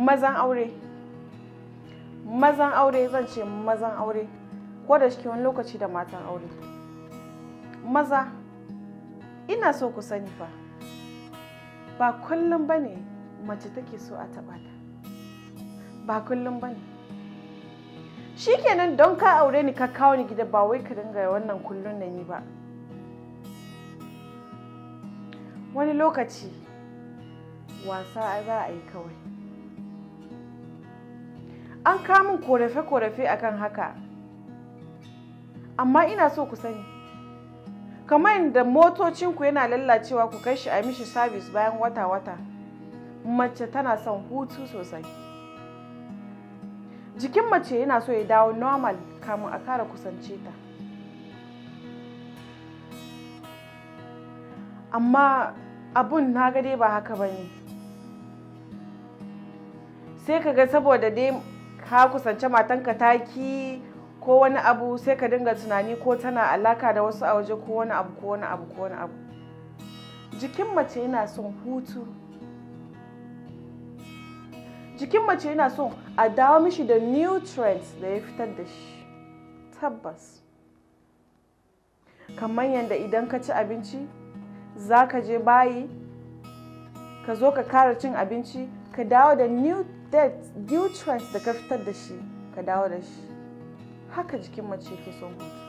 mazan aure mazan aure zan ce mazan aure ko da shi wani lokaci da matan aure maza ina so ku sani fa ba kullum ba ne mace take so a taɓa ta ba kullum ba ne kenan don ka aure ni ka kawo ni gida ba wai ka dinga wannan kullum na ni ba wani lokaci wasa za a yi kawai an kamun korafe-korafe akan haka amma ina so ku sani kamar yadda motocinku yana lallacewa ku kai shi a mishi sabis bayan wata-wata mace tana son hutu sosai jikin mace yana so ya dawo normal kamun a kara kusance ta amma abun na gade ba haka ba sai ka ga saboda dai ka kusance matanka taki ko wani abu sai ka dinga tunani ko tana alaka da wasu a waje ko wani abu ko wani abu ko wani abu jikin mace yana son hutu jikin mace yana son a dawo mishi da nutrients da ya fitar da shi tabbas kamar yadda idan ka ci abinci za ka je bayi ka zo ka kara cin abinci ka dawo da that due trust da ka fitar da shi ka dawo da shi haka jikin mace ke son hutu